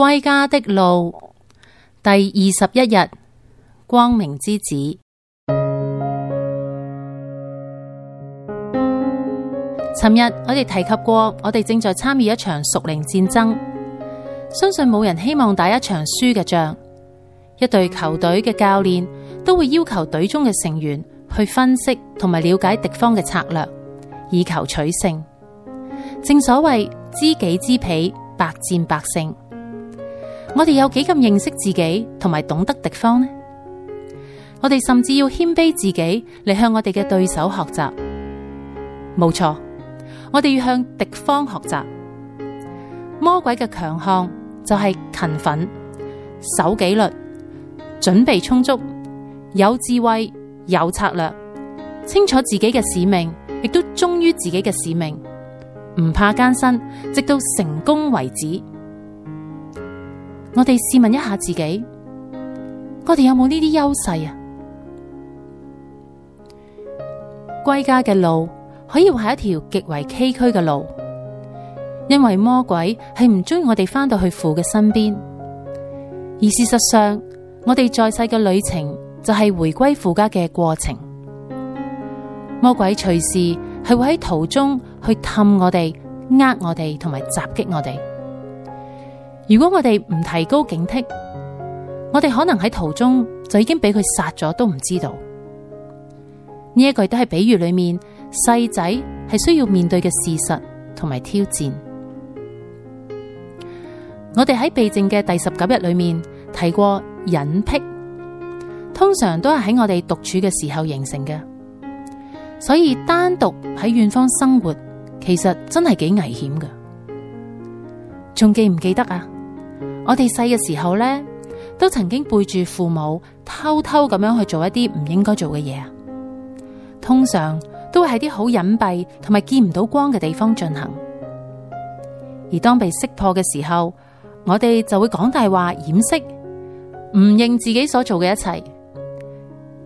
歸家的路，第二十一日，光明之子。尋日我哋提及過，我哋正在參與一場屬靈戰爭。相信冇人希望打一場輸嘅仗。一隊球隊嘅教練都會要求隊中嘅成員去分析同埋了解敵方嘅策略，以求取勝。正所謂知己知彼，百戰百勝。我哋有幾咁認識自己，同埋懂得敵方呢？我哋甚至要謙卑自己，嚟向我哋嘅對手學習。冇錯，我哋要向敵方學習。魔鬼嘅強項就係勤奮、守紀律、準備充足、有智慧、有策略，清楚自己嘅使命，亦都忠於自己嘅使命，唔怕艱辛，直到成功為止。我哋試問一下自己，我哋有冇呢啲優勢啊？歸家嘅路可以話係一條極為崎嶇嘅路，因為魔鬼係唔中意我哋翻到去父嘅身邊。而事實上，我哋在世嘅旅程就係回歸父家嘅過程。魔鬼隨時係會喺途中去氹我哋、呃我哋同埋襲擊我哋。如果我哋唔提高警惕，我哋可能喺途中就已經俾佢殺咗都唔知道。呢一句都係比喻裏面細仔係需要面對嘅事實同埋挑戰。我哋喺避靜嘅第十九日裏面提過癮癖，通常都係喺我哋獨處嘅時候形成嘅，所以單獨喺遠方生活其實真係幾危險噶。仲記唔記得啊？我哋細嘅時候咧，都曾經背住父母偷偷咁樣去做一啲唔應該做嘅嘢。通常都會喺啲好隱蔽同埋見唔到光嘅地方進行。而當被識破嘅時候，我哋就會講大話掩飾，唔認自己所做嘅一切，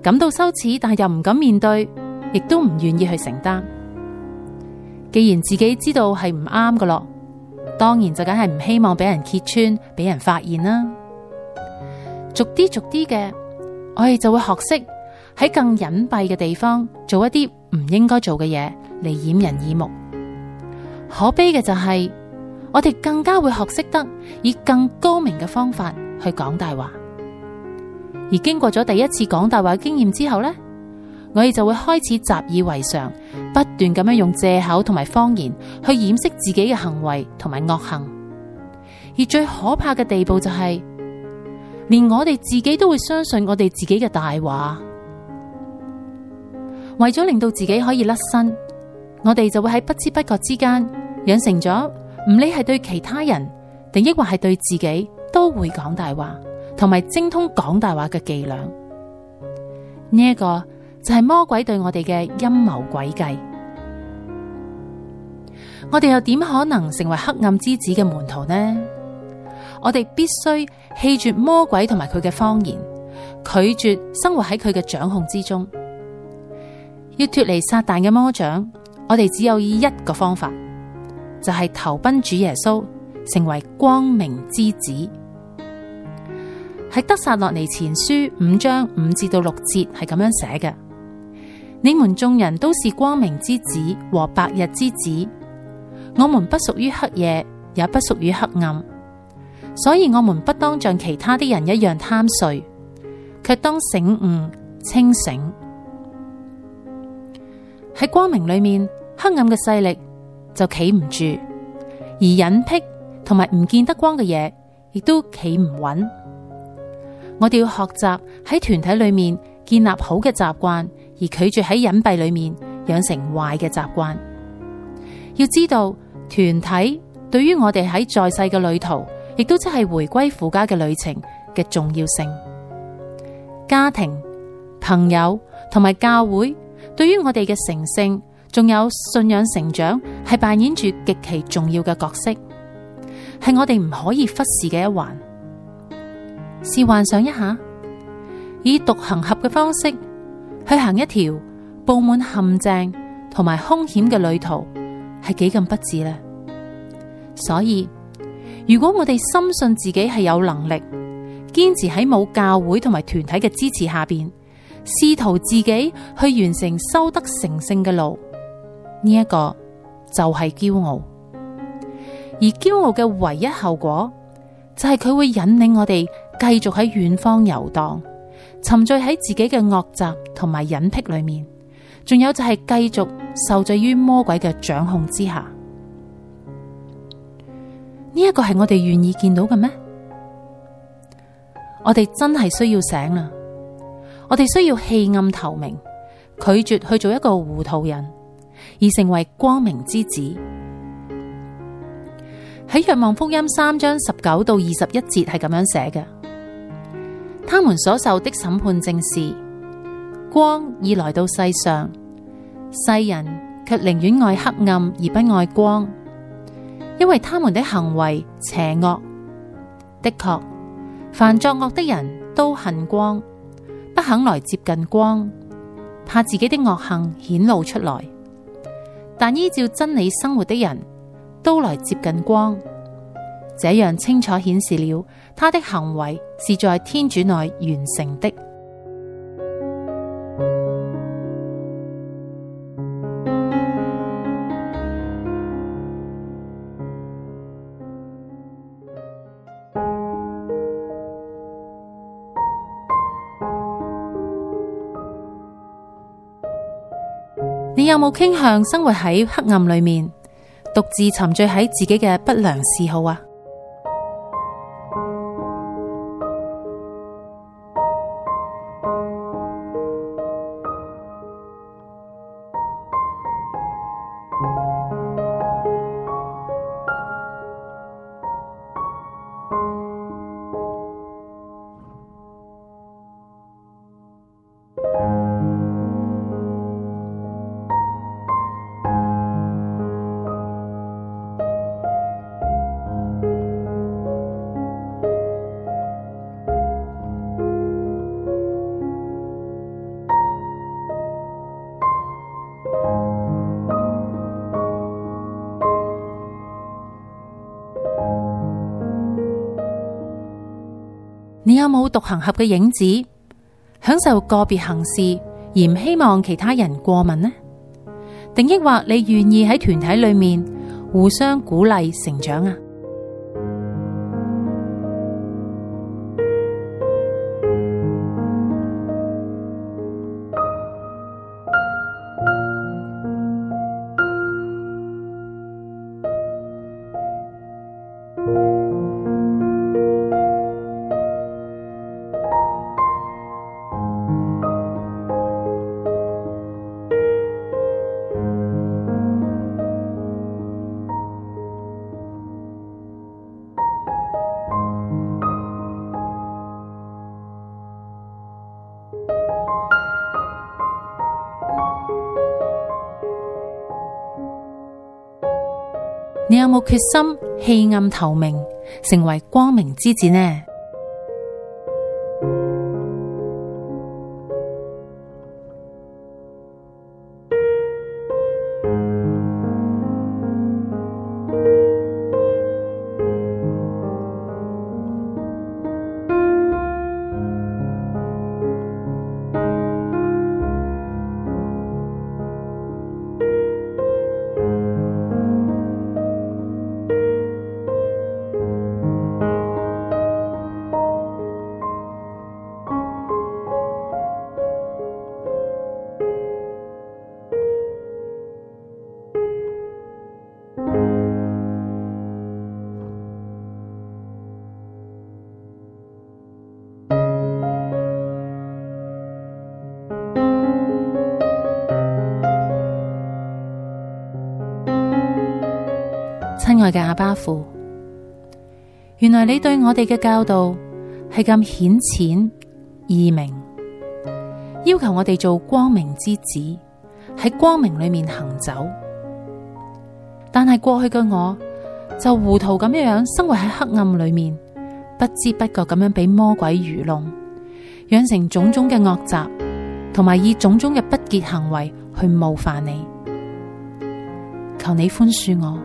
感到羞恥，但係又唔敢面對，亦都唔願意去承擔。既然自己知道係唔啱噶咯。當然就梗係唔希望俾人揭穿，俾人發現啦。逐啲逐啲嘅，我哋就會學識喺更隱蔽嘅地方做一啲唔應該做嘅嘢，嚟掩人耳目。可悲嘅就係，我哋更加會學識得以更高明嘅方法去講大話。而經過咗第一次講大話經驗之後呢。我哋就會開始習以為常，不斷咁樣用借口同埋謊言去掩飾自己嘅行為同埋惡行，而最可怕嘅地步就係，連我哋自己都會相信我哋自己嘅大話，為咗令到自己可以甩身，我哋就會喺不知不覺之間養成咗，唔理係對其他人定抑或係對自己，都會講大話，同埋精通講大話嘅伎倆，呢一個就係魔鬼對我哋嘅陰謀詭計，我哋又點可能成為黑暗之子嘅門徒呢？我哋必須棄絕魔鬼同埋佢嘅謊言，拒絕生活喺佢嘅掌控之中。要脫離撒旦嘅魔掌，我哋只有以一個方法，就係、是、投奔主耶穌，成為光明之子。喺得撒洛尼前書五章五至到六節係咁樣寫嘅。你們眾人都是光明之子和白日之子，我們不屬於黑夜，也不屬於黑暗，所以我們不當像其他啲人一樣貪睡，卻當醒寤清醒。喺光明裏面，黑暗嘅勢力就企唔住，而癮癖同埋唔見得光嘅嘢亦都企唔穩。我哋要學習喺團體裏面建立好嘅習慣。而拒絕喺隱蔽裏面養成壞嘅習慣，要知道團體對於我哋喺在，在世嘅旅途，亦都即係回歸父家嘅旅程嘅重要性。家庭、朋友同埋教會對於我哋嘅成聖，仲有信仰成長，係扮演住極其重要嘅角色，係我哋唔可以忽視嘅一環。試幻想一下，以獨行俠嘅方式。去行一條佈滿陷阱同埋兇險嘅旅途，係幾咁不智呢？所以，如果我哋深信自己係有能力，堅持喺冇教會同埋團體嘅支持下邊，試圖自己去完成修德成聖嘅路，呢、這、一個就係驕傲。而驕傲嘅唯一後果，就係、是、佢會引領我哋繼續喺遠方遊蕩。沉醉喺自己嘅惡習同埋癮癖裏面，仲有就係繼續受制於魔鬼嘅掌控之下。呢一個係我哋願意見到嘅咩？我哋真係需要醒啦！我哋需要棄暗投明，拒絕去做一個糊塗人，而成為光明之子。喺《若望福音》三章十九到二十一節係咁樣寫嘅。他們所受的審判正是：光已來到世上，世人卻寧願愛黑暗而不愛光，因為他們的行為邪惡。的確，凡作惡的人都恨光，不肯來接近光，怕自己的惡行顯露出來。但依照真理生活的人，都來接近光。這樣清楚顯示了他的行為是在天主內完成的。 你有冇傾向生活喺黑暗裏面，獨自沉醉喺自己嘅不良嗜好啊？你有冇獨行俠嘅影子，享受個別行事而唔希望其他人過問呢？定抑或你願意喺團體裏面互相鼓勵成長啊？有冇決心棄暗投明，成為光明之子呢？愛嘅阿巴父，原來你對我哋嘅教導係咁顯淺易明，要求我哋做光明之子，喺光明裏面行走。但係過去嘅我，就糊塗咁樣樣生活喺黑暗裏面，不知不覺咁樣俾魔鬼愚弄，養成種種嘅惡習，同埋以種種嘅不潔行為去冒犯你。求你寬恕我。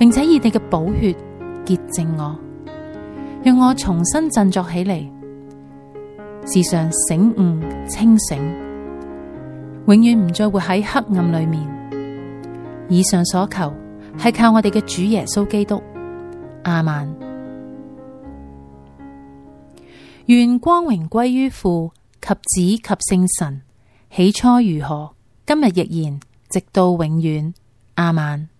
並且以你嘅寶血潔淨我，讓我重新振作起嚟，時常醒寤清醒，永遠唔再活喺黑暗裏面。以上所求，係靠我哋嘅主耶穌基督。亞孟，願光榮歸於父及子及聖神。起初如何，今日亦然，直到永遠。亞孟。